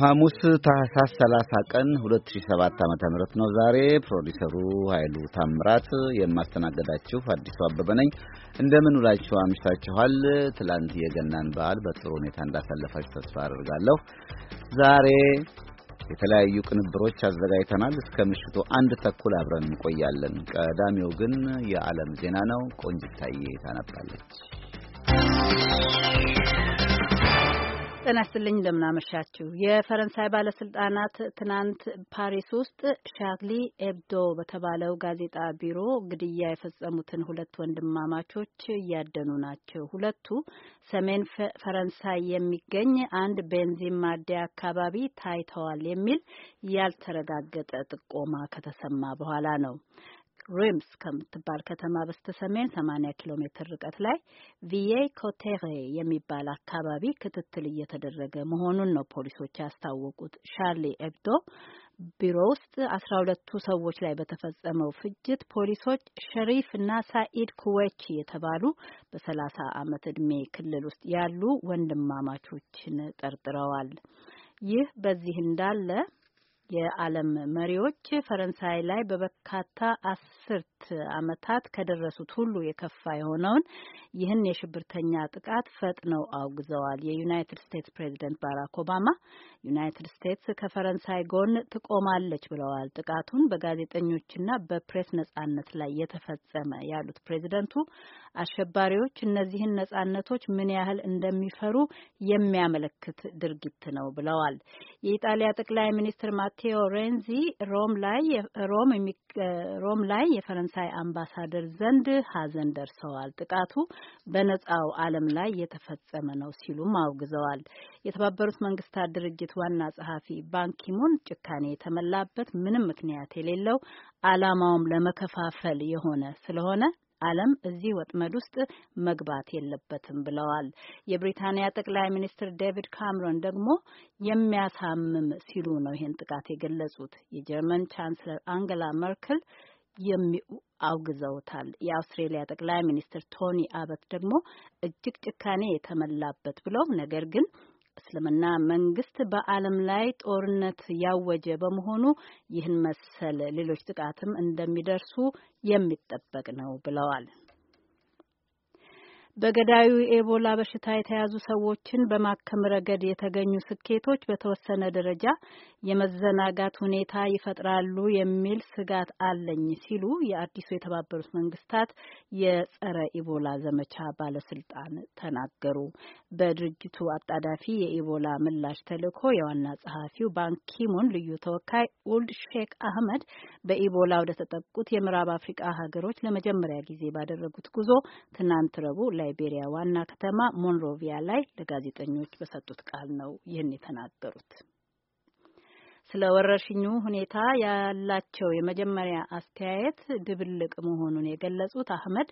ሐሙስ ታህሳስ 30 ቀን 2007 ዓ.ም ነው ዛሬ። ፕሮዲሰሩ ኃይሉ ታምራት፣ የማስተናገዳችሁ አዲሱ አበበ ነኝ። እንደምን ውላችሁ አምሽታችኋል? ትላንት የገናን በዓል በጥሩ ሁኔታ እንዳሳለፋችሁ ተስፋ አድርጋለሁ። ዛሬ የተለያዩ ቅንብሮች አዘጋጅተናል። እስከ ምሽቱ አንድ ተኩል አብረን እንቆያለን። ቀዳሚው ግን የዓለም ዜና ነው። ቆንጅታዬ ታነባለች። ጤና ይስጥልኝ። እንደምናመሻችሁ። የፈረንሳይ ባለስልጣናት ትናንት ፓሪስ ውስጥ ሻርሊ ኤብዶ በተባለው ጋዜጣ ቢሮ ግድያ የፈጸሙትን ሁለት ወንድማማቾች እያደኑ ናቸው። ሁለቱ ሰሜን ፈረንሳይ የሚገኝ አንድ ቤንዚን ማደያ አካባቢ ታይተዋል የሚል ያልተረጋገጠ ጥቆማ ከተሰማ በኋላ ነው። ሪምስ ከምትባል ከተማ በስተሰሜን 80 ኪሎ ሜትር ርቀት ላይ ቪዬ ኮቴሬ የሚባል አካባቢ ክትትል እየተደረገ መሆኑን ነው ፖሊሶች ያስታወቁት። ሻርሊ ኤብዶ ቢሮ ውስጥ አስራ ሁለቱ ሰዎች ላይ በተፈጸመው ፍጅት ፖሊሶች ሸሪፍ እና ሳኢድ ኩዌቺ የተባሉ በሰላሳ ዓመት ዕድሜ ክልል ውስጥ ያሉ ወንድማማቾችን ጠርጥረዋል። ይህ በዚህ እንዳለ የዓለም መሪዎች ፈረንሳይ ላይ በበርካታ አስርት ዓመታት ከደረሱት ሁሉ የከፋ የሆነውን ይህን የሽብርተኛ ጥቃት ፈጥነው አውግዘዋል። የዩናይትድ ስቴትስ ፕሬዚደንት ባራክ ኦባማ ዩናይትድ ስቴትስ ከፈረንሳይ ጎን ትቆማለች ብለዋል። ጥቃቱን በጋዜጠኞችና በፕሬስ ነጻነት ላይ የተፈጸመ ያሉት ፕሬዚደንቱ አሸባሪዎች እነዚህን ነጻነቶች ምን ያህል እንደሚፈሩ የሚያመለክት ድርጊት ነው ብለዋል። የኢጣሊያ ጠቅላይ ሚኒስትር ማቴዎ ሬንዚ ሮም ላይ የፈረንሳይ አምባሳደር ዘንድ ሀዘን ደርሰዋል። ጥቃቱ በነጻው ዓለም ላይ የተፈጸመ ነው ሲሉም አውግዘዋል። የተባበሩት መንግስታት ድርጅት ዋና ጸሐፊ ባንኪሙን ጭካኔ የተመላበት ምንም ምክንያት የሌለው ዓላማውም ለመከፋፈል የሆነ ስለሆነ ዓለም እዚህ ወጥመድ ውስጥ መግባት የለበትም ብለዋል። የብሪታንያ ጠቅላይ ሚኒስትር ዴቪድ ካምሮን ደግሞ የሚያሳምም ሲሉ ነው ይህን ጥቃት የገለጹት። የጀርመን ቻንስለር አንገላ መርክል አውግዘውታል። የአውስትሬሊያ ጠቅላይ ሚኒስትር ቶኒ አበት ደግሞ እጅግ ጭካኔ የተመላበት ብለው ነገር ግን እስልምና መንግስት በዓለም ላይ ጦርነት ያወጀ በመሆኑ ይህን መሰል ሌሎች ጥቃትም እንደሚደርሱ የሚጠበቅ ነው ብለዋል። በገዳዩ የኤቦላ በሽታ የተያዙ ሰዎችን በማከም ረገድ የተገኙ ስኬቶች በተወሰነ ደረጃ የመዘናጋት ሁኔታ ይፈጥራሉ የሚል ስጋት አለኝ ሲሉ የአዲሱ የተባበሩት መንግስታት የጸረ ኢቦላ ዘመቻ ባለስልጣን ተናገሩ። በድርጅቱ አጣዳፊ የኢቦላ ምላሽ ተልእኮ የዋና ጸሐፊው ባንኪሙን ልዩ ተወካይ ኡልድ ሼክ አህመድ በኢቦላ ወደ ተጠቁት የምዕራብ አፍሪቃ ሀገሮች ለመጀመሪያ ጊዜ ባደረጉት ጉዞ ትናንት ረቡዕ ላይቤሪያ ዋና ከተማ ሞንሮቪያ ላይ ለጋዜጠኞች በሰጡት ቃል ነው ይህን የተናገሩት። ስለ ወረርሽኙ ሁኔታ ያላቸው የመጀመሪያ አስተያየት ድብልቅ መሆኑን የገለጹት አህመድ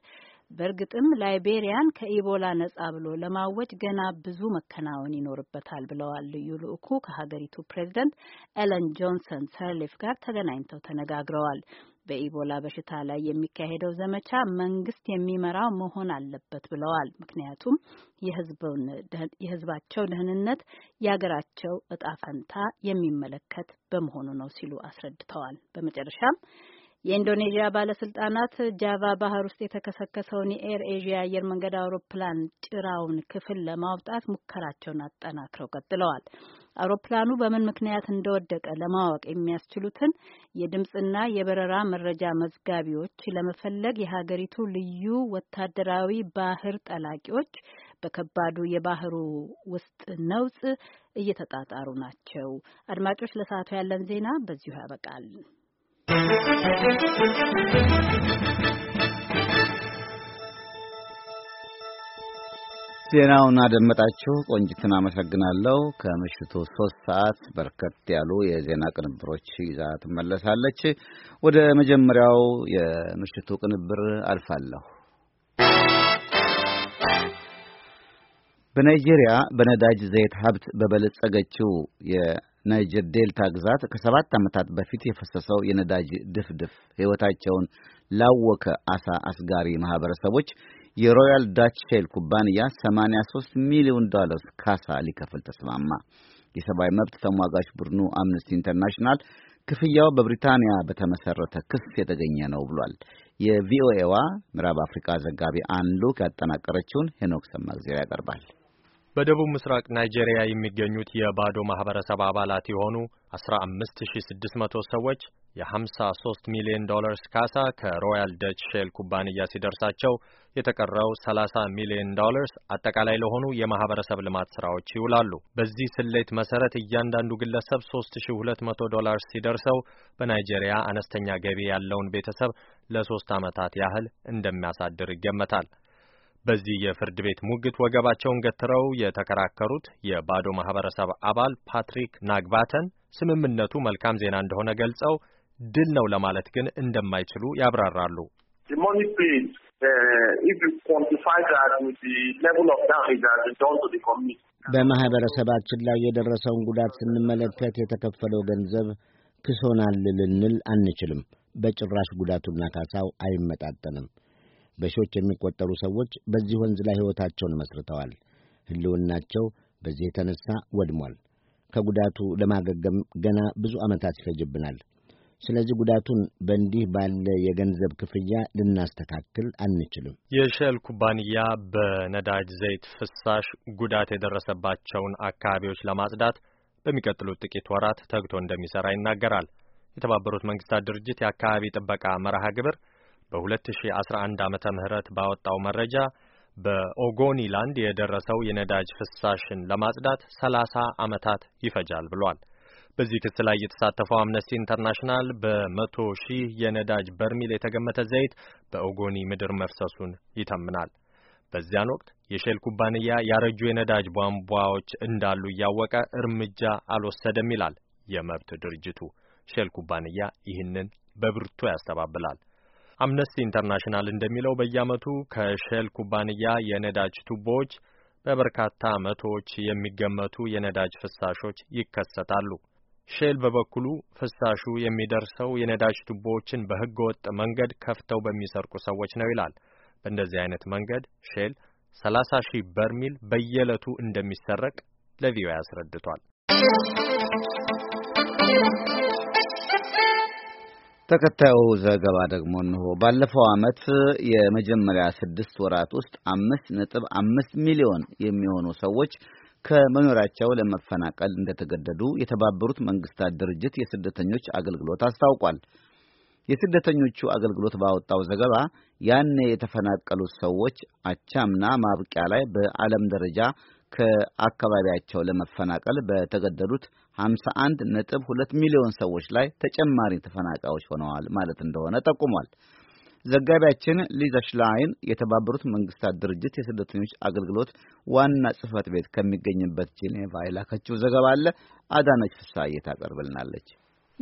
በእርግጥም ላይቤሪያን ከኢቦላ ነጻ ብሎ ለማወጅ ገና ብዙ መከናወን ይኖርበታል ብለዋል። ልዩ ልኡኩ ከሀገሪቱ ፕሬዚደንት ኤለን ጆንሰን ሰርሊፍ ጋር ተገናኝተው ተነጋግረዋል። በኢቦላ በሽታ ላይ የሚካሄደው ዘመቻ መንግስት የሚመራው መሆን አለበት ብለዋል። ምክንያቱም የህዝባቸው ደህንነት የሀገራቸው እጣ ፈንታ የሚመለከት በመሆኑ ነው ሲሉ አስረድተዋል። በመጨረሻም የኢንዶኔዥያ ባለስልጣናት ጃቫ ባህር ውስጥ የተከሰከሰውን የኤር ኤዥያ አየር መንገድ አውሮፕላን ጭራውን ክፍል ለማውጣት ሙከራቸውን አጠናክረው ቀጥለዋል። አውሮፕላኑ በምን ምክንያት እንደወደቀ ለማወቅ የሚያስችሉትን የድምፅና የበረራ መረጃ መዝጋቢዎች ለመፈለግ የሀገሪቱ ልዩ ወታደራዊ ባህር ጠላቂዎች በከባዱ የባህሩ ውስጥ ነውጥ እየተጣጣሩ ናቸው። አድማጮች፣ ለሰዓቱ ያለን ዜና በዚሁ ያበቃል። ዜናውን አደመጣችሁ። ቆንጅትን አመሰግናለሁ። ከምሽቱ ሶስት ሰዓት በርከት ያሉ የዜና ቅንብሮች ይዛ ትመለሳለች። ወደ መጀመሪያው የምሽቱ ቅንብር አልፋለሁ። በናይጄሪያ በነዳጅ ዘይት ሀብት በበለጸገችው ናይጀር ዴልታ ግዛት ከሰባት ዓመታት በፊት የፈሰሰው የነዳጅ ድፍድፍ ሕይወታቸውን ላወከ አሳ አስጋሪ ማኅበረሰቦች የሮያል ዳች ሼል ኩባንያ 83 ሚሊዮን ዶላርስ ካሳ ሊከፍል ተስማማ። የሰብአዊ መብት ተሟጋች ቡድኑ አምነስቲ ኢንተርናሽናል ክፍያው በብሪታንያ በተመሰረተ ክስ የተገኘ ነው ብሏል። የቪኦኤዋ ምዕራብ አፍሪካ ዘጋቢ አንሉክ ያጠናቀረችውን ሄኖክ ሰማግዜር ያቀርባል። በደቡብ ምስራቅ ናይጄሪያ የሚገኙት የባዶ ማህበረሰብ አባላት የሆኑ 15600 ሰዎች የ53 ሚሊዮን ዶላርስ ካሳ ከሮያል ደች ሼል ኩባንያ ሲደርሳቸው የተቀረው 30 ሚሊዮን ዶላርስ አጠቃላይ ለሆኑ የማህበረሰብ ልማት ስራዎች ይውላሉ። በዚህ ስሌት መሰረት እያንዳንዱ ግለሰብ 3200 ዶላርስ ሲደርሰው በናይጄሪያ አነስተኛ ገቢ ያለውን ቤተሰብ ለሶስት ዓመታት ያህል እንደሚያሳድር ይገመታል። በዚህ የፍርድ ቤት ሙግት ወገባቸውን ገትረው የተከራከሩት የባዶ ማህበረሰብ አባል ፓትሪክ ናግባተን ስምምነቱ መልካም ዜና እንደሆነ ገልጸው ድል ነው ለማለት ግን እንደማይችሉ ያብራራሉ። uh, በማህበረሰባችን ላይ የደረሰውን ጉዳት ስንመለከት የተከፈለው ገንዘብ ክሶናል ልንል አንችልም። በጭራሽ ጉዳቱና ካሳው አይመጣጠንም። በሺዎች የሚቆጠሩ ሰዎች በዚህ ወንዝ ላይ ሕይወታቸውን መስርተዋል። ሕልውናቸው በዚህ የተነሳ ወድሟል። ከጉዳቱ ለማገገም ገና ብዙ ዓመታት ይፈጅብናል። ስለዚህ ጉዳቱን በእንዲህ ባለ የገንዘብ ክፍያ ልናስተካክል አንችልም። የሸል ኩባንያ በነዳጅ ዘይት ፍሳሽ ጉዳት የደረሰባቸውን አካባቢዎች ለማጽዳት በሚቀጥሉት ጥቂት ወራት ተግቶ እንደሚሠራ ይናገራል። የተባበሩት መንግስታት ድርጅት የአካባቢ ጥበቃ መርሃ ግብር በ2011 ዓመተ ምህረት ባወጣው መረጃ በኦጎኒላንድ የደረሰው የነዳጅ ፍሳሽን ለማጽዳት 30 ዓመታት ይፈጃል ብሏል። በዚህ ክስ ላይ የተሳተፈው አምነስቲ ኢንተርናሽናል በመቶ ሺህ የነዳጅ በርሚል የተገመተ ዘይት በኦጎኒ ምድር መፍሰሱን ይተምናል። በዚያን ወቅት የሼል ኩባንያ ያረጁ የነዳጅ ቧንቧዎች እንዳሉ እያወቀ እርምጃ አልወሰደም ይላል የመብት ድርጅቱ። ሼል ኩባንያ ይህንን በብርቱ ያስተባብላል። አምነስቲ ኢንተርናሽናል እንደሚለው በየዓመቱ ከሼል ኩባንያ የነዳጅ ቱቦዎች በበርካታ መቶዎች የሚገመቱ የነዳጅ ፍሳሾች ይከሰታሉ። ሼል በበኩሉ ፍሳሹ የሚደርሰው የነዳጅ ቱቦዎችን በሕገ ወጥ መንገድ ከፍተው በሚሰርቁ ሰዎች ነው ይላል። በእንደዚህ አይነት መንገድ ሼል 30 ሺህ በርሚል በየዕለቱ እንደሚሰረቅ ለቪኦኤ አስረድቷል። ተከታዩ ዘገባ ደግሞ እንሆ። ባለፈው ዓመት የመጀመሪያ ስድስት ወራት ውስጥ አምስት ነጥብ አምስት ሚሊዮን የሚሆኑ ሰዎች ከመኖሪያቸው ለመፈናቀል እንደተገደዱ የተባበሩት መንግስታት ድርጅት የስደተኞች አገልግሎት አስታውቋል። የስደተኞቹ አገልግሎት ባወጣው ዘገባ ያኔ የተፈናቀሉት ሰዎች አቻምና ማብቂያ ላይ በዓለም ደረጃ ከአካባቢያቸው ለመፈናቀል በተገደዱት 51 ነጥብ 2 ሚሊዮን ሰዎች ላይ ተጨማሪ ተፈናቃዮች ሆነዋል ማለት እንደሆነ ጠቁሟል። ዘጋቢያችን ሊዛ ሽላይን የተባበሩት መንግስታት ድርጅት የስደተኞች አገልግሎት ዋና ጽህፈት ቤት ከሚገኝበት ጄኔቫ የላከችው ዘገባ አለ። አዳነች ፍሳዬ ታቀርብልናለች።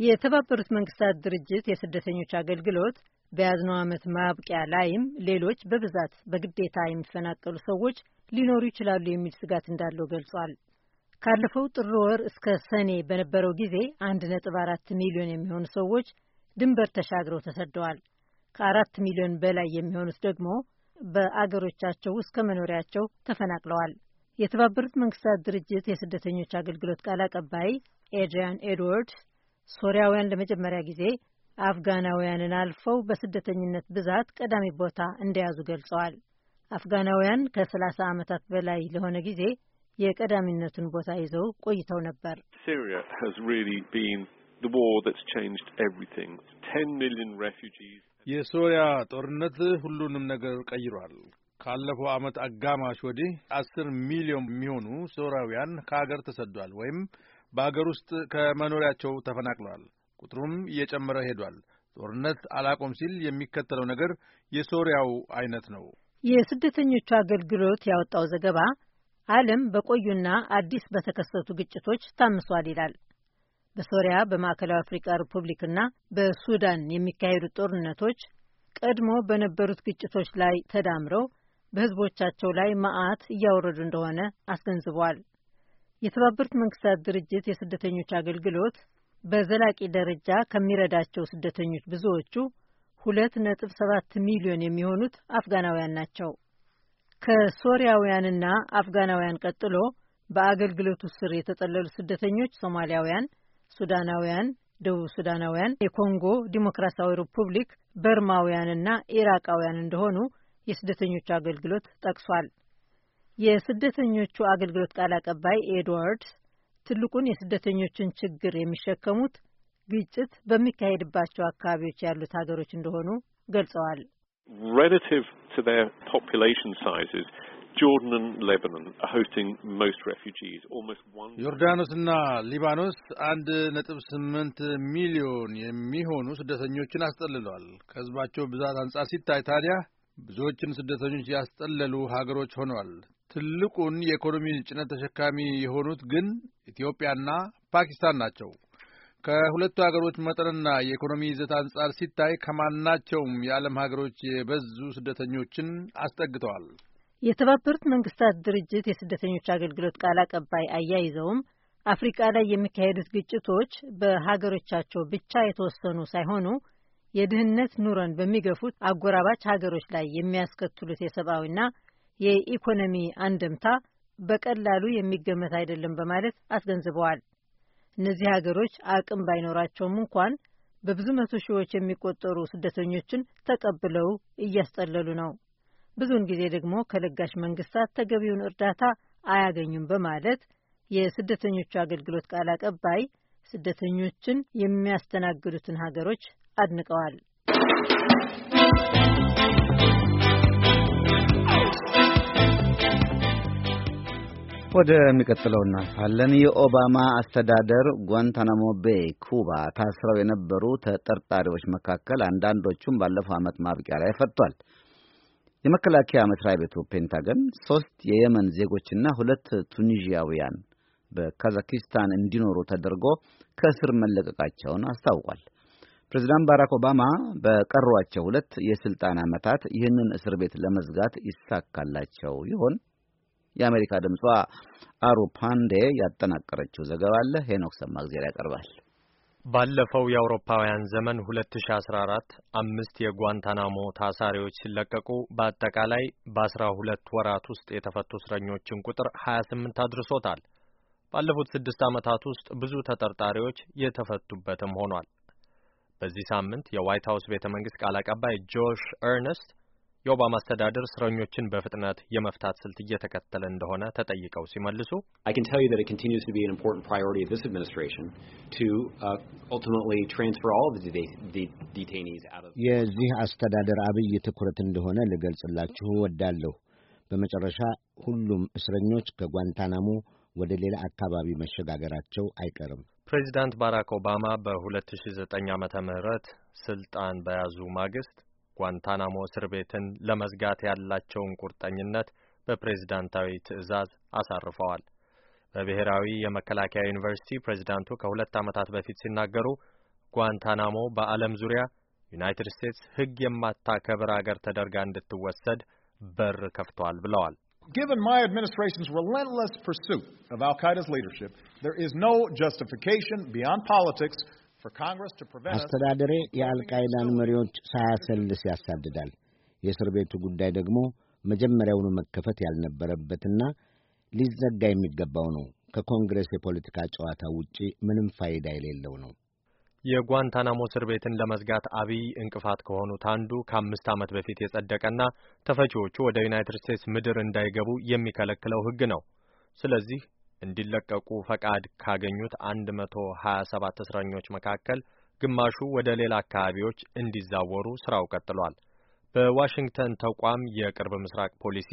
የተባበሩት መንግስታት ድርጅት የስደተኞች አገልግሎት በያዝነው ዓመት ማብቂያ ላይም ሌሎች በብዛት በግዴታ የሚፈናቀሉ ሰዎች ሊኖሩ ይችላሉ የሚል ስጋት እንዳለው ገልጿል። ካለፈው ጥር ወር እስከ ሰኔ በነበረው ጊዜ አንድ ነጥብ አራት ሚሊዮን የሚሆኑ ሰዎች ድንበር ተሻግረው ተሰደዋል። ከአራት ሚሊዮን በላይ የሚሆኑት ደግሞ በአገሮቻቸው ውስጥ ከመኖሪያቸው ተፈናቅለዋል። የተባበሩት መንግስታት ድርጅት የስደተኞች አገልግሎት ቃል አቀባይ ኤድሪያን ኤድዋርድስ ሶሪያውያን ለመጀመሪያ ጊዜ አፍጋናውያንን አልፈው በስደተኝነት ብዛት ቀዳሚ ቦታ እንደያዙ ገልጸዋል። አፍጋናውያን ከ30 ዓመታት በላይ ለሆነ ጊዜ የቀዳሚነቱን ቦታ ይዘው ቆይተው ነበር። የሶሪያ ጦርነት ሁሉንም ነገር ቀይሯል። ካለፈው ዓመት አጋማሽ ወዲህ አስር ሚሊዮን የሚሆኑ ሶሪያውያን ከሀገር ተሰዷል ወይም በአገር ውስጥ ከመኖሪያቸው ተፈናቅሏል። ቁጥሩም እየጨመረ ሄዷል። ጦርነት አላቆም ሲል የሚከተለው ነገር የሶሪያው አይነት ነው። የስደተኞቹ አገልግሎት ያወጣው ዘገባ ዓለም በቆዩና አዲስ በተከሰቱ ግጭቶች ታምሷል ይላል። በሶሪያ በማዕከላዊ አፍሪካ ሪፑብሊክና በሱዳን የሚካሄዱ ጦርነቶች ቀድሞ በነበሩት ግጭቶች ላይ ተዳምረው በህዝቦቻቸው ላይ መዓት እያወረዱ እንደሆነ አስገንዝበዋል። የተባበሩት መንግስታት ድርጅት የስደተኞች አገልግሎት በዘላቂ ደረጃ ከሚረዳቸው ስደተኞች ብዙዎቹ ሁለት ነጥብ ሰባት ሚሊዮን የሚሆኑት አፍጋናውያን ናቸው። ከሶሪያውያንና አፍጋናውያን ቀጥሎ በአገልግሎቱ ስር የተጠለሉ ስደተኞች ሶማሊያውያን፣ ሱዳናውያን፣ ደቡብ ሱዳናውያን፣ የኮንጎ ዲሞክራሲያዊ ሪፑብሊክ በርማውያንና ኢራቃውያን እንደሆኑ የስደተኞቹ አገልግሎት ጠቅሷል። የስደተኞቹ አገልግሎት ቃል አቀባይ ኤድዋርድስ ትልቁን የስደተኞችን ችግር የሚሸከሙት ግጭት በሚካሄድባቸው አካባቢዎች ያሉት ሀገሮች እንደሆኑ ገልጸዋል። ዮርዳኖስና ሊባኖስ አንድ ነጥብ ስምንት ሚሊዮን የሚሆኑ ስደተኞችን አስጠልለዋል። ከህዝባቸው ብዛት አንጻር ሲታይ ታዲያ ብዙዎችን ስደተኞች ያስጠለሉ ሀገሮች ሆነዋል። ትልቁን የኢኮኖሚ ጭነት ተሸካሚ የሆኑት ግን ኢትዮጵያና ፓኪስታን ናቸው። ከሁለቱ ሀገሮች መጠንና የኢኮኖሚ ይዘት አንጻር ሲታይ ከማናቸውም የዓለም ሀገሮች የበዙ ስደተኞችን አስጠግተዋል። የተባበሩት መንግስታት ድርጅት የስደተኞች አገልግሎት ቃል አቀባይ አያይዘውም አፍሪቃ ላይ የሚካሄዱት ግጭቶች በሀገሮቻቸው ብቻ የተወሰኑ ሳይሆኑ የድህነት ኑረን በሚገፉት አጎራባች ሀገሮች ላይ የሚያስከትሉት የሰብአዊና የኢኮኖሚ አንድምታ በቀላሉ የሚገመት አይደለም በማለት አስገንዝበዋል። እነዚህ ሀገሮች አቅም ባይኖራቸውም እንኳን በብዙ መቶ ሺዎች የሚቆጠሩ ስደተኞችን ተቀብለው እያስጠለሉ ነው። ብዙውን ጊዜ ደግሞ ከለጋሽ መንግስታት ተገቢውን እርዳታ አያገኙም በማለት የስደተኞቹ አገልግሎት ቃል አቀባይ ስደተኞችን የሚያስተናግዱትን ሀገሮች አድንቀዋል። ወደሚቀጥለው እናልፋለን። የኦባማ አስተዳደር ጓንታናሞ ቤይ ኩባ ታስረው የነበሩ ተጠርጣሪዎች መካከል አንዳንዶቹም ባለፈው ዓመት ማብቂያ ላይ ፈቷል። የመከላከያ መስሪያ ቤቱ ፔንታገን ሶስት የየመን ዜጎችና ሁለት ቱኒዥያውያን በካዛኪስታን እንዲኖሩ ተደርጎ ከእስር መለቀቃቸውን አስታውቋል። ፕሬዚዳንት ባራክ ኦባማ በቀሯቸው ሁለት የስልጣን ዓመታት ይህንን እስር ቤት ለመዝጋት ይሳካላቸው ይሆን? የአሜሪካ ድምጿ አሩፓንዴ ያጠናቀረችው ዘገባ አለ። ሄኖክ ሰማግዜር ያቀርባል። ባለፈው የአውሮፓውያን ዘመን 2014 አምስት የጓንታናሞ ታሳሪዎች ሲለቀቁ በአጠቃላይ በ12 ወራት ውስጥ የተፈቱ እስረኞችን ቁጥር 28 አድርሶታል። ባለፉት ስድስት ዓመታት ውስጥ ብዙ ተጠርጣሪዎች የተፈቱበትም ሆኗል። በዚህ ሳምንት የዋይት ሀውስ ቤተ መንግስት ቃል አቀባይ ጆሽ ኤርነስት የኦባማ አስተዳደር እስረኞችን በፍጥነት የመፍታት ስልት እየተከተለ እንደሆነ ተጠይቀው ሲመልሱ uh, የዚህ አስተዳደር አብይ ትኩረት እንደሆነ ልገልጽላችሁ እወዳለሁ። በመጨረሻ ሁሉም እስረኞች ከጓንታናሞ ወደ ሌላ አካባቢ መሸጋገራቸው አይቀርም። ፕሬዚዳንት ባራክ ኦባማ በ2009 ም ስልጣን በያዙ ማግስት ጓንታናሞ እስር ቤትን ለመዝጋት ያላቸውን ቁርጠኝነት በፕሬዝዳንታዊ ትዕዛዝ አሳርፈዋል። በብሔራዊ የመከላከያ ዩኒቨርሲቲ ፕሬዝዳንቱ ከሁለት ዓመታት በፊት ሲናገሩ ጓንታናሞ በዓለም ዙሪያ ዩናይትድ ስቴትስ ሕግ የማታከብር አገር ተደርጋ እንድትወሰድ በር ከፍቷል ብለዋል። Given my administration's relentless pursuit of Al Qaeda's leadership, there is no justification beyond politics አስተዳደሬ የአልቃይዳን መሪዎች ሳያሰልስ ያሳድዳል። የእስር ቤቱ ጉዳይ ደግሞ መጀመሪያውኑ መከፈት ያልነበረበትና ሊዘጋ የሚገባው ነው። ከኮንግረስ የፖለቲካ ጨዋታ ውጪ ምንም ፋይዳ የሌለው ነው። የጓንታናሞ እስር ቤትን ለመዝጋት አብይ እንቅፋት ከሆኑት አንዱ ከአምስት ዓመት በፊት የጸደቀና ተፈቺዎቹ ወደ ዩናይትድ ስቴትስ ምድር እንዳይገቡ የሚከለክለው ሕግ ነው። ስለዚህ እንዲለቀቁ ፈቃድ ካገኙት 127 እስረኞች መካከል ግማሹ ወደ ሌላ አካባቢዎች እንዲዛወሩ ስራው ቀጥሏል። በዋሽንግተን ተቋም የቅርብ ምስራቅ ፖሊሲ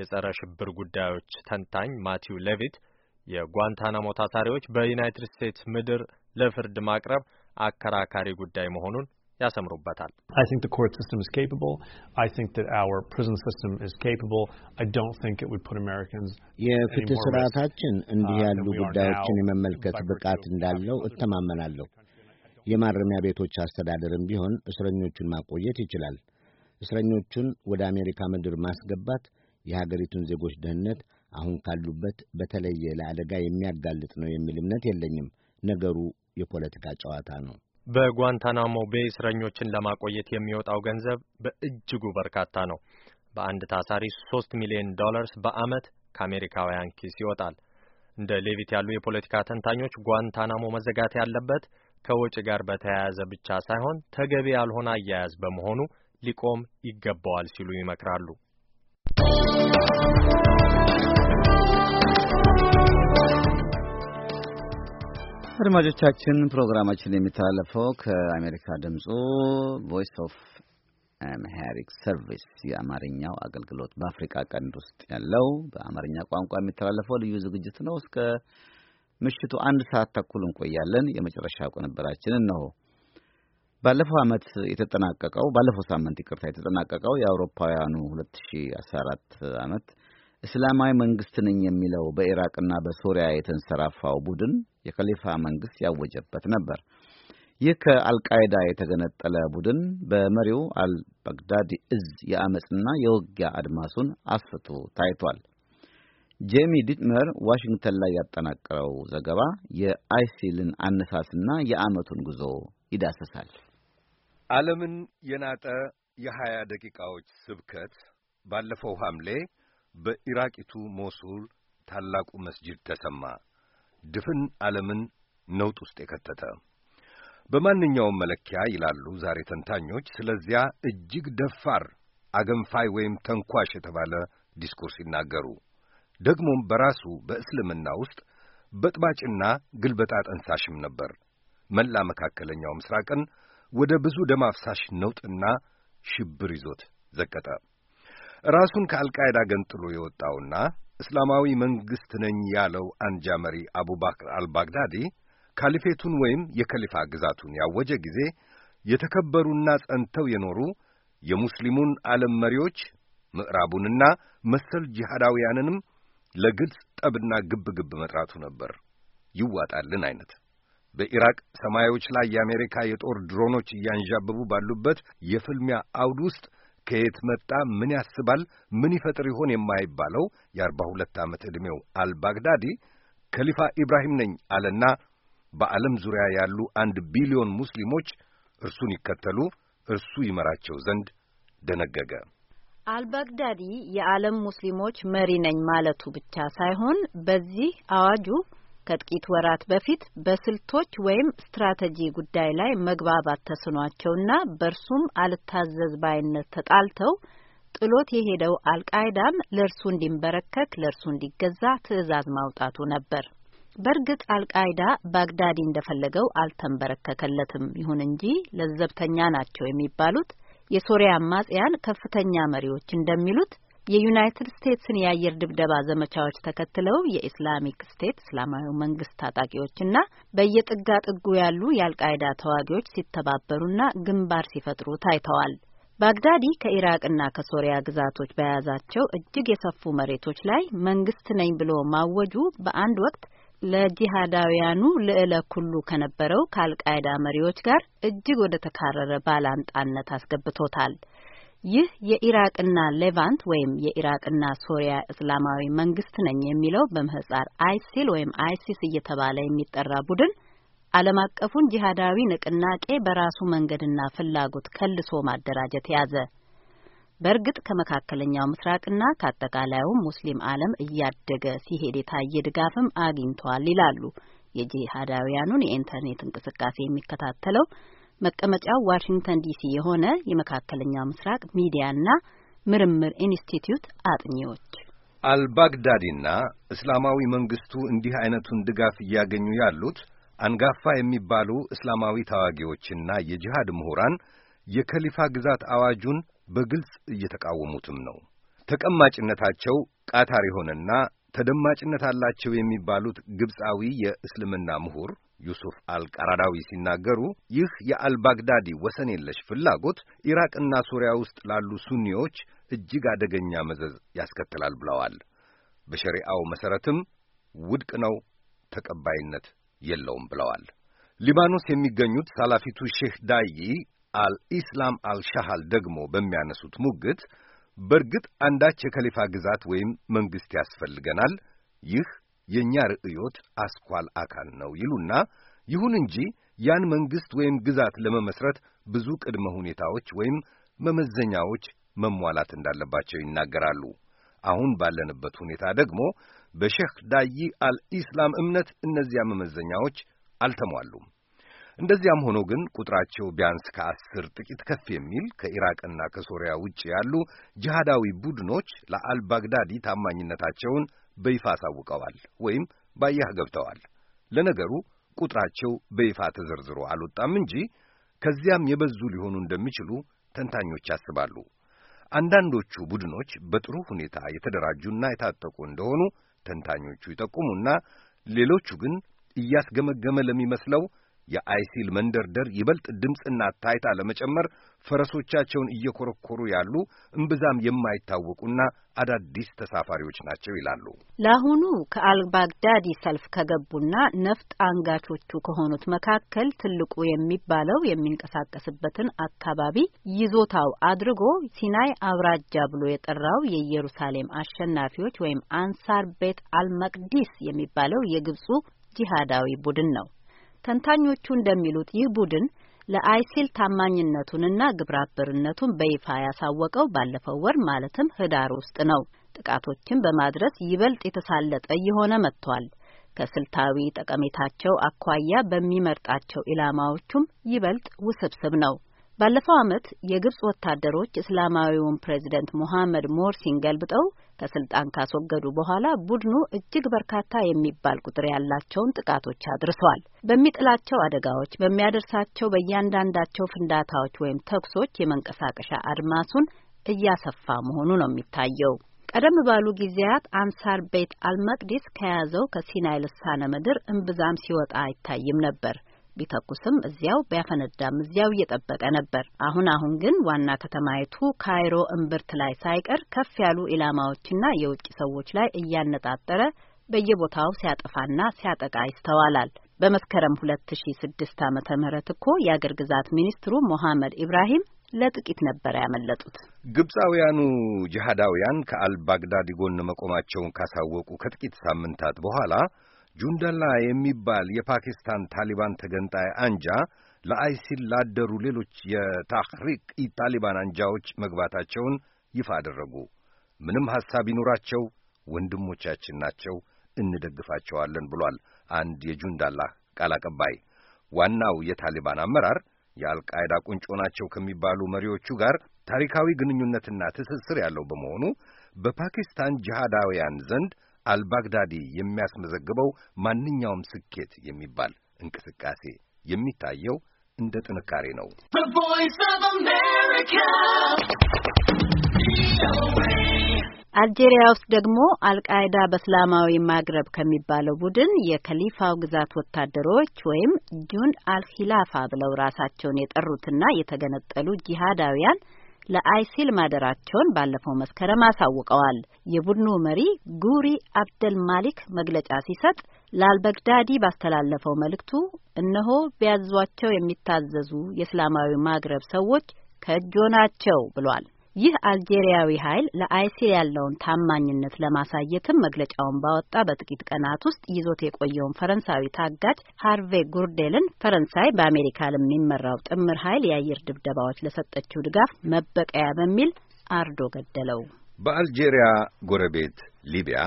የጸረ ሽብር ጉዳዮች ተንታኝ ማቲው ሌቪት የጓንታናሞ ታሳሪዎች በዩናይትድ ስቴትስ ምድር ለፍርድ ማቅረብ አከራካሪ ጉዳይ መሆኑን ያሰምሩበታል። የፍትህ ስርዓታችን እንዲህ uh, ያሉ ጉዳዮችን የመመልከት ብቃት እንዳለው እተማመናለሁ። የማረሚያ ቤቶች አስተዳደርም ቢሆን እስረኞቹን ማቆየት ይችላል። እስረኞቹን ወደ አሜሪካ ምድር ማስገባት የሀገሪቱን ዜጎች ደህንነት አሁን ካሉበት በተለየ ለአደጋ የሚያጋልጥ ነው የሚል እምነት የለኝም። ነገሩ የፖለቲካ ጨዋታ ነው። በጓንታናሞ ቤይ እስረኞችን ለማቆየት የሚወጣው ገንዘብ በእጅጉ በርካታ ነው። በአንድ ታሳሪ ሶስት ሚሊዮን ዶላርስ በአመት ከአሜሪካውያን ኪስ ይወጣል። እንደ ሌቪት ያሉ የፖለቲካ ተንታኞች ጓንታናሞ መዘጋት ያለበት ከወጪ ጋር በተያያዘ ብቻ ሳይሆን ተገቢ ያልሆነ አያያዝ በመሆኑ ሊቆም ይገባዋል ሲሉ ይመክራሉ። አድማጮቻችን ፕሮግራማችን የሚተላለፈው ከአሜሪካ ድምፁ ቮይስ ኦፍ አምሃሪክ ሰርቪስ የአማርኛው አገልግሎት በአፍሪካ ቀንድ ውስጥ ያለው በአማርኛ ቋንቋ የሚተላለፈው ልዩ ዝግጅት ነው። እስከ ምሽቱ አንድ ሰዓት ተኩል እንቆያለን። የመጨረሻ ቅንብራችንን ነው። ባለፈው ዓመት የተጠናቀቀው ባለፈው ሳምንት ይቅርታ የተጠናቀቀው የአውሮፓውያኑ 2014 ዓመት እስላማዊ መንግስት ነኝ የሚለው በኢራቅና በሶሪያ የተንሰራፋው ቡድን የከሊፋ መንግስት ያወጀበት ነበር። ይህ ከአልቃይዳ የተገነጠለ ቡድን በመሪው አልባግዳዲ እዝ የአመፅና የውጊያ አድማሱን አስፍቶ ታይቷል። ጄሚ ዲትመር ዋሽንግተን ላይ ያጠናቀረው ዘገባ የአይሲልን አነሳስና የአመቱን ጉዞ ይዳሰሳል። ዓለምን የናጠ የሀያ ደቂቃዎች ስብከት ባለፈው ሐምሌ በኢራቂቱ ሞሱል ታላቁ መስጂድ ተሰማ። ድፍን ዓለምን ነውጥ ውስጥ የከተተ በማንኛውም መለኪያ ይላሉ ዛሬ ተንታኞች፣ ስለዚያ እጅግ ደፋር አገንፋይ ወይም ተንኳሽ የተባለ ዲስኩርስ ይናገሩ። ደግሞም በራሱ በእስልምና ውስጥ በጥባጭና ግልበጣ ጠንሳሽም ነበር። መላ መካከለኛው ምስራቅን ወደ ብዙ ደም አፍሳሽ ነውጥና ሽብር ይዞት ዘቀጠ። ራሱን ከአልቃይዳ ገንጥሎ የወጣውና እስላማዊ መንግሥት ነኝ ያለው አንጃ መሪ አቡባክር አልባግዳዲ ካሊፌቱን ወይም የከሊፋ ግዛቱን ያወጀ ጊዜ የተከበሩና ጸንተው የኖሩ የሙስሊሙን ዓለም መሪዎች ምዕራቡንና መሰል ጂሃዳውያንንም ለግልጽ ጠብና ግብ ግብ መጥራቱ ነበር። ይዋጣልን አይነት በኢራቅ ሰማዮች ላይ የአሜሪካ የጦር ድሮኖች እያንዣበቡ ባሉበት የፍልሚያ አውድ ውስጥ ከየት መጣ፣ ምን ያስባል፣ ምን ይፈጥር ይሆን የማይባለው የአርባ ሁለት ዓመት ዕድሜው አልባግዳዲ ከሊፋ ኢብራሂም ነኝ አለና በዓለም ዙሪያ ያሉ አንድ ቢሊዮን ሙስሊሞች እርሱን ይከተሉ፣ እርሱ ይመራቸው ዘንድ ደነገገ። አልባግዳዲ የዓለም ሙስሊሞች መሪ ነኝ ማለቱ ብቻ ሳይሆን በዚህ አዋጁ ከጥቂት ወራት በፊት በስልቶች ወይም ስትራቴጂ ጉዳይ ላይ መግባባት ተስኗቸውና በእርሱም አልታዘዝ ባይነት ተጣልተው ጥሎት የሄደው አልቃይዳም ለእርሱ እንዲንበረከክ ለእርሱ እንዲገዛ ትዕዛዝ ማውጣቱ ነበር። በእርግጥ አልቃይዳ ባግዳዲ እንደፈለገው አልተንበረከከለትም። ይሁን እንጂ ለዘብተኛ ናቸው የሚባሉት የሶሪያ አማጽያን ከፍተኛ መሪዎች እንደሚሉት የዩናይትድ ስቴትስን የአየር ድብደባ ዘመቻዎች ተከትለው የኢስላሚክ ስቴት እስላማዊ መንግስት ታጣቂዎችና በየጥጋ ጥጉ ያሉ የአልቃይዳ ተዋጊዎች ሲተባበሩና ግንባር ሲፈጥሩ ታይተዋል። ባግዳዲ ከኢራቅና ከሶሪያ ግዛቶች በያዛቸው እጅግ የሰፉ መሬቶች ላይ መንግስት ነኝ ብሎ ማወጁ በአንድ ወቅት ለጂሃዳውያኑ ልዕለ ኩሉ ከነበረው ከአልቃይዳ መሪዎች ጋር እጅግ ወደ ተካረረ ባላንጣነት አስገብቶታል። ይህ የኢራቅና ሌቫንት ወይም የኢራቅና ሶሪያ እስላማዊ መንግስት ነኝ የሚለው በምህጻር አይሲል ወይም አይሲስ እየተባለ የሚጠራ ቡድን ዓለም አቀፉን ጂሃዳዊ ንቅናቄ በራሱ መንገድና ፍላጎት ከልሶ ማደራጀት ያዘ። በእርግጥ ከመካከለኛው ምስራቅና ከአጠቃላዩም ሙስሊም ዓለም እያደገ ሲሄድ የታየ ድጋፍም አግኝቷል ይላሉ የጂሃዳውያኑን የኢንተርኔት እንቅስቃሴ የሚከታተለው መቀመጫው ዋሽንግተን ዲሲ የሆነ የመካከለኛው ምስራቅ ሚዲያና ምርምር ኢንስቲትዩት አጥኚዎች አልባግዳዲና እስላማዊ መንግስቱ እንዲህ አይነቱን ድጋፍ እያገኙ ያሉት አንጋፋ የሚባሉ እስላማዊ ታዋጊዎችና የጂሃድ ምሁራን የከሊፋ ግዛት አዋጁን በግልጽ እየተቃወሙትም ነው። ተቀማጭነታቸው ቃታር የሆነና ተደማጭነት አላቸው የሚባሉት ግብፃዊ የእስልምና ምሁር ዩሱፍ አልቃራዳዊ ሲናገሩ ይህ የአልባግዳዲ ወሰን የለሽ ፍላጎት ኢራቅና ሱሪያ ውስጥ ላሉ ሱኒዎች እጅግ አደገኛ መዘዝ ያስከትላል ብለዋል። በሸሪአው መሠረትም ውድቅ ነው፣ ተቀባይነት የለውም ብለዋል። ሊባኖስ የሚገኙት ሳላፊቱ ሼህ ዳይ አልኢስላም አልሻሃል ደግሞ በሚያነሱት ሙግት በእርግጥ አንዳች የከሊፋ ግዛት ወይም መንግሥት ያስፈልገናል ይህ የእኛ ርዕዮት አስኳል አካል ነው ይሉና ይሁን እንጂ ያን መንግሥት ወይም ግዛት ለመመስረት ብዙ ቅድመ ሁኔታዎች ወይም መመዘኛዎች መሟላት እንዳለባቸው ይናገራሉ። አሁን ባለንበት ሁኔታ ደግሞ በሼክ ዳይ አልኢስላም እምነት እነዚያ መመዘኛዎች አልተሟሉም። እንደዚያም ሆኖ ግን ቁጥራቸው ቢያንስ ከአስር ጥቂት ከፍ የሚል ከኢራቅና ከሶሪያ ውጭ ያሉ ጅሃዳዊ ቡድኖች ለአልባግዳዲ ታማኝነታቸውን በይፋ አሳውቀዋል ወይም ባያህ ገብተዋል። ለነገሩ ቁጥራቸው በይፋ ተዘርዝሮ አልወጣም እንጂ ከዚያም የበዙ ሊሆኑ እንደሚችሉ ተንታኞች ያስባሉ። አንዳንዶቹ ቡድኖች በጥሩ ሁኔታ የተደራጁና የታጠቁ እንደሆኑ ተንታኞቹ ይጠቁሙና ሌሎቹ ግን እያስገመገመ ለሚመስለው የአይሲል መንደርደር ይበልጥ ድምፅና ታይታ ለመጨመር ፈረሶቻቸውን እየኮረኮሩ ያሉ እምብዛም የማይታወቁና አዳዲስ ተሳፋሪዎች ናቸው ይላሉ። ለአሁኑ ከአልባግዳዲ ሰልፍ ከገቡና ነፍጥ አንጋቾቹ ከሆኑት መካከል ትልቁ የሚባለው የሚንቀሳቀስበትን አካባቢ ይዞታው አድርጎ ሲናይ አብራጃ ብሎ የጠራው የኢየሩሳሌም አሸናፊዎች ወይም አንሳር ቤት አልመቅዲስ የሚባለው የግብፁ ጂሃዳዊ ቡድን ነው። ተንታኞቹ እንደሚሉት ይህ ቡድን ለአይሲል ታማኝነቱንና ግብረአበርነቱን በይፋ ያሳወቀው ባለፈው ወር ማለትም ህዳር ውስጥ ነው። ጥቃቶችን በማድረስ ይበልጥ የተሳለጠ እየሆነ መጥቷል። ከስልታዊ ጠቀሜታቸው አኳያ በሚመርጣቸው ኢላማዎቹም ይበልጥ ውስብስብ ነው። ባለፈው ዓመት የግብጽ ወታደሮች እስላማዊውን ፕሬዚደንት ሞሐመድ ሞርሲን ገልብጠው ከስልጣን ካስወገዱ በኋላ ቡድኑ እጅግ በርካታ የሚባል ቁጥር ያላቸውን ጥቃቶች አድርሷል። በሚጥላቸው አደጋዎች፣ በሚያደርሳቸው በእያንዳንዳቸው ፍንዳታዎች ወይም ተኩሶች የመንቀሳቀሻ አድማሱን እያሰፋ መሆኑ ነው የሚታየው። ቀደም ባሉ ጊዜያት አንሳር ቤት አልመቅዲስ ከያዘው ከሲናይ ልሳነ ምድር እምብዛም ሲወጣ አይታይም ነበር። ቢተኩስም እዚያው ቢያፈነዳም እዚያው እየጠበቀ ነበር። አሁን አሁን ግን ዋና ከተማይቱ ካይሮ እምብርት ላይ ሳይቀር ከፍ ያሉ ኢላማዎችና የውጭ ሰዎች ላይ እያነጣጠረ በየቦታው ሲያጠፋና ሲያጠቃ ይስተዋላል። በመስከረም 2006 ዓ ም እኮ የአገር ግዛት ሚኒስትሩ ሞሐመድ ኢብራሂም ለጥቂት ነበር ያመለጡት። ግብፃውያኑ ጂሃዳውያን ከአልባግዳዲ ጎን መቆማቸውን ካሳወቁ ከጥቂት ሳምንታት በኋላ ጁንዳላ የሚባል የፓኪስታን ታሊባን ተገንጣይ አንጃ ለአይሲል ላደሩ ሌሎች የታህሪክ ኢጣሊባን አንጃዎች መግባታቸውን ይፋ አደረጉ። ምንም ሐሳብ ይኑራቸው ወንድሞቻችን ናቸው፣ እንደግፋቸዋለን ብሏል አንድ የጁንዳላ ቃል አቀባይ። ዋናው የታሊባን አመራር የአልቃይዳ ቁንጮ ናቸው ከሚባሉ መሪዎቹ ጋር ታሪካዊ ግንኙነትና ትስስር ያለው በመሆኑ በፓኪስታን ጅሃዳውያን ዘንድ አልባግዳዲ የሚያስመዘግበው ማንኛውም ስኬት የሚባል እንቅስቃሴ የሚታየው እንደ ጥንካሬ ነው። አልጄሪያ ውስጥ ደግሞ አልቃይዳ በእስላማዊ ማግረብ ከሚባለው ቡድን የከሊፋው ግዛት ወታደሮች ወይም ጁን አልሂላፋ ብለው ራሳቸውን የጠሩትና የተገነጠሉ ጂሃዳውያን ለአይሲል ማደራቸውን ባለፈው መስከረም አሳውቀዋል። የቡድኑ መሪ ጉሪ አብደል ማሊክ መግለጫ ሲሰጥ ለአልበግዳዲ ባስተላለፈው መልእክቱ እነሆ ቢያዟቸው የሚታዘዙ የእስላማዊ ማግረብ ሰዎች ከእጆ ናቸው ብሏል። ይህ አልጄሪያዊ ኃይል ለአይሲል ያለውን ታማኝነት ለማሳየትም መግለጫውን ባወጣ በጥቂት ቀናት ውስጥ ይዞት የቆየውን ፈረንሳዊ ታጋጅ ሃርቬ ጉርዴልን ፈረንሳይ በአሜሪካ ለሚመራው ጥምር ኃይል የአየር ድብደባዎች ለሰጠችው ድጋፍ መበቀያ በሚል አርዶ ገደለው። በአልጄሪያ ጎረቤት ሊቢያ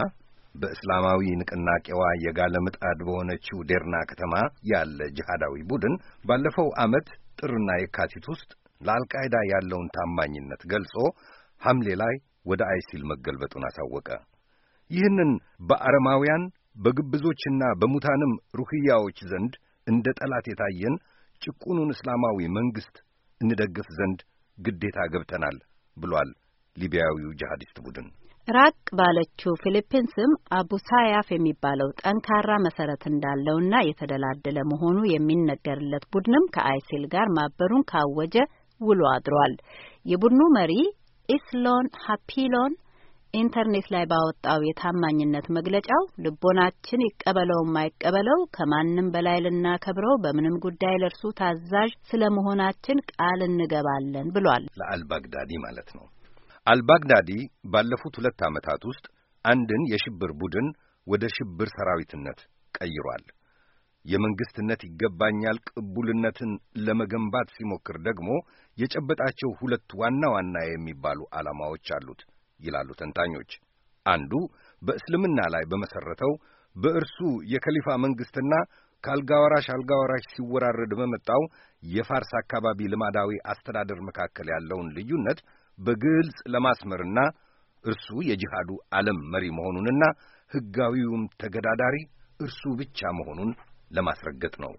በእስላማዊ ንቅናቄዋ የጋለ ምጣድ በሆነችው ዴርና ከተማ ያለ ጅሃዳዊ ቡድን ባለፈው ዓመት ጥርና የካቲት ውስጥ ለአልቃይዳ ያለውን ታማኝነት ገልጾ ሐምሌ ላይ ወደ አይሲል መገልበጡን አሳወቀ። ይህንን በአረማውያን በግብዞችና በሙታንም ሩህያዎች ዘንድ እንደ ጠላት የታየን ጭቁኑን እስላማዊ መንግሥት እንደግፍ ዘንድ ግዴታ ገብተናል ብሏል ሊቢያዊው ጂሃዲስት ቡድን። ራቅ ባለችው ፊሊፒንስም አቡሳያፍ የሚባለው ጠንካራ መሰረት እንዳለውና የተደላደለ መሆኑ የሚነገርለት ቡድንም ከአይሲል ጋር ማበሩን ካወጀ ውሎ አድሯል። የቡድኑ መሪ ኢስሎን ሀፒሎን ኢንተርኔት ላይ ባወጣው የታማኝነት መግለጫው ልቦናችን ይቀበለውም አይቀበለው ከማንም በላይ ልናከብረው በምንም ጉዳይ ለእርሱ ታዛዥ ስለ መሆናችን ቃል እንገባለን ብሏል። ለአልባግዳዲ ማለት ነው። አልባግዳዲ ባለፉት ሁለት ዓመታት ውስጥ አንድን የሽብር ቡድን ወደ ሽብር ሰራዊትነት ቀይሯል። የመንግስትነት ይገባኛል ቅቡልነትን ለመገንባት ሲሞክር ደግሞ የጨበጣቸው ሁለት ዋና ዋና የሚባሉ ዓላማዎች አሉት ይላሉ ተንታኞች። አንዱ በእስልምና ላይ በመሰረተው በእርሱ የከሊፋ መንግስትና ከአልጋወራሽ አልጋወራሽ ሲወራረድ በመጣው የፋርስ አካባቢ ልማዳዊ አስተዳደር መካከል ያለውን ልዩነት በግልጽ ለማስመርና እርሱ የጂሃዱ ዓለም መሪ መሆኑንና ሕጋዊውም ተገዳዳሪ እርሱ ብቻ መሆኑን ለማስረገጥ ነው።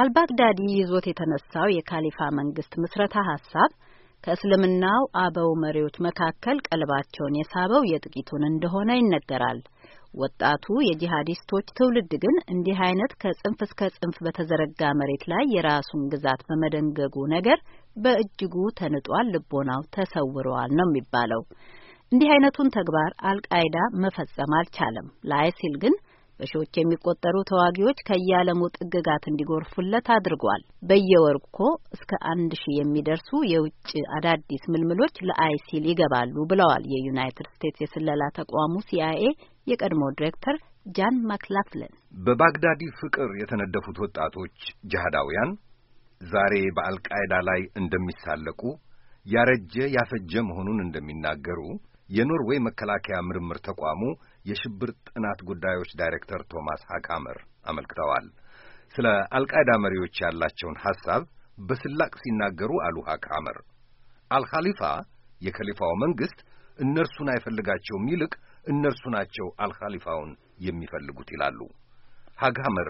አልባግዳዲ ይዞት የተነሳው የካሊፋ መንግስት ምስረታ ሀሳብ ከእስልምናው አበው መሪዎች መካከል ቀልባቸውን የሳበው የጥቂቱን እንደሆነ ይነገራል። ወጣቱ የጂሃዲስቶች ትውልድ ግን እንዲህ አይነት ከጽንፍ እስከ ጽንፍ በተዘረጋ መሬት ላይ የራሱን ግዛት በመደንገጉ ነገር በእጅጉ ተንጧል፣ ልቦናው ተሰውረዋል ነው የሚባለው። እንዲህ አይነቱን ተግባር አልቃይዳ መፈጸም አልቻለም። ለአይሲል ግን በሺዎች የሚቆጠሩ ተዋጊዎች ከየዓለሙ ጥግጋት እንዲጎርፉለት አድርጓል። በየወሩ እኮ እስከ አንድ ሺህ የሚደርሱ የውጭ አዳዲስ ምልምሎች ለአይሲል ይገባሉ ብለዋል የዩናይትድ ስቴትስ የስለላ ተቋሙ ሲአይኤ የቀድሞ ዲሬክተር ጃን ማክላፍለን። በባግዳዲ ፍቅር የተነደፉት ወጣቶች ጅሃዳውያን ዛሬ በአልቃይዳ ላይ እንደሚሳለቁ ያረጀ ያፈጀ መሆኑን እንደሚናገሩ የኖርዌይ መከላከያ ምርምር ተቋሙ የሽብር ጥናት ጉዳዮች ዳይሬክተር ቶማስ ሃካመር አመልክተዋል። ስለ አልቃይዳ መሪዎች ያላቸውን ሐሳብ በስላቅ ሲናገሩ አሉ ሃካመር አልኻሊፋ የከሊፋው መንግሥት እነርሱን አይፈልጋቸውም፣ ይልቅ እነርሱ ናቸው አልኻሊፋውን የሚፈልጉት ይላሉ። ሃጋመር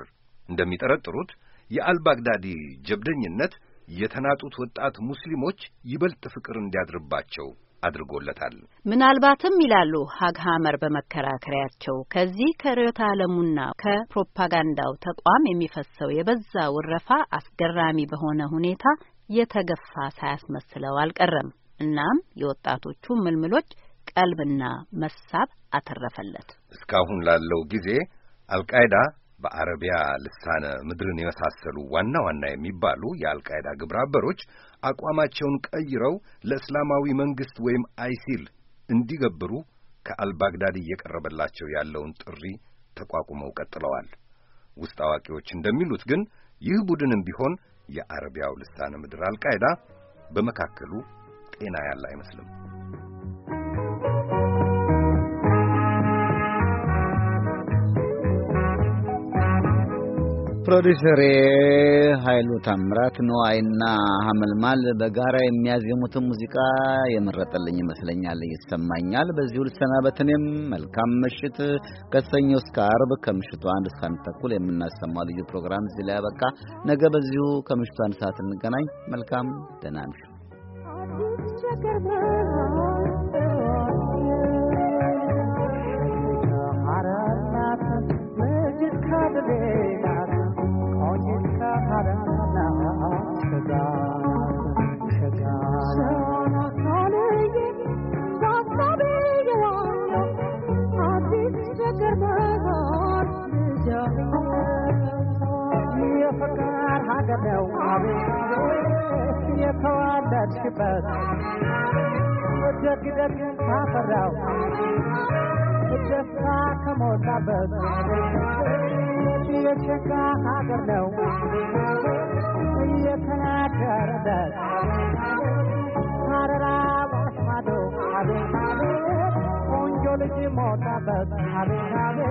እንደሚጠረጥሩት የአልባግዳዲ ጀብደኝነት የተናጡት ወጣት ሙስሊሞች ይበልጥ ፍቅር እንዲያድርባቸው አድርጎለታል። ምናልባትም ይላሉ ሀግሃመር በመከራከሪያቸው ከዚህ ከርዕዮተ ዓለሙና ከፕሮፓጋንዳው ተቋም የሚፈሰው የበዛ ውረፋ አስገራሚ በሆነ ሁኔታ የተገፋ ሳያስመስለው አልቀረም። እናም የወጣቶቹ ምልምሎች ቀልብና መሳብ አተረፈለት። እስካሁን ላለው ጊዜ አልቃይዳ በአረቢያ ልሳነ ምድርን የመሳሰሉ ዋና ዋና የሚባሉ የአልቃይዳ ግብረ አበሮች አቋማቸውን ቀይረው ለእስላማዊ መንግስት ወይም አይሲል እንዲገብሩ ከአልባግዳድ እየቀረበላቸው ያለውን ጥሪ ተቋቁመው ቀጥለዋል። ውስጥ አዋቂዎች እንደሚሉት ግን ይህ ቡድንም ቢሆን የአረቢያው ልሳነ ምድር አልቃይዳ በመካከሉ ጤና ያለ አይመስልም። ፕሮዲውሰሬ ኃይሉ ታምራት ነዋይና ሀመልማል በጋራ የሚያዜሙትን ሙዚቃ የመረጠልኝ ይመስለኛል። ይሰማኛል። በዚሁ ልሰናበት። እኔም መልካም ምሽት። ከሰኞ እስከ አርብ ከምሽቱ አንድ እስከ አንድ ተኩል የምናሰማው ልዩ ፕሮግራም እዚህ ላይ ያበቃ። ነገ በዚሁ ከምሽቱ አንድ ሰዓት እንገናኝ። መልካም ደህና ምሽት። Saturday የተዋደድሽበት ወደ ግደግን ታፈራው ደስታ ከሞላበት የሸጋ ሀገር ነው እየተናገረለት ሀረራ ዋሽማዶ አቤት አቤት ቆንጆ ልጅ ሞላበት አቤት አቤት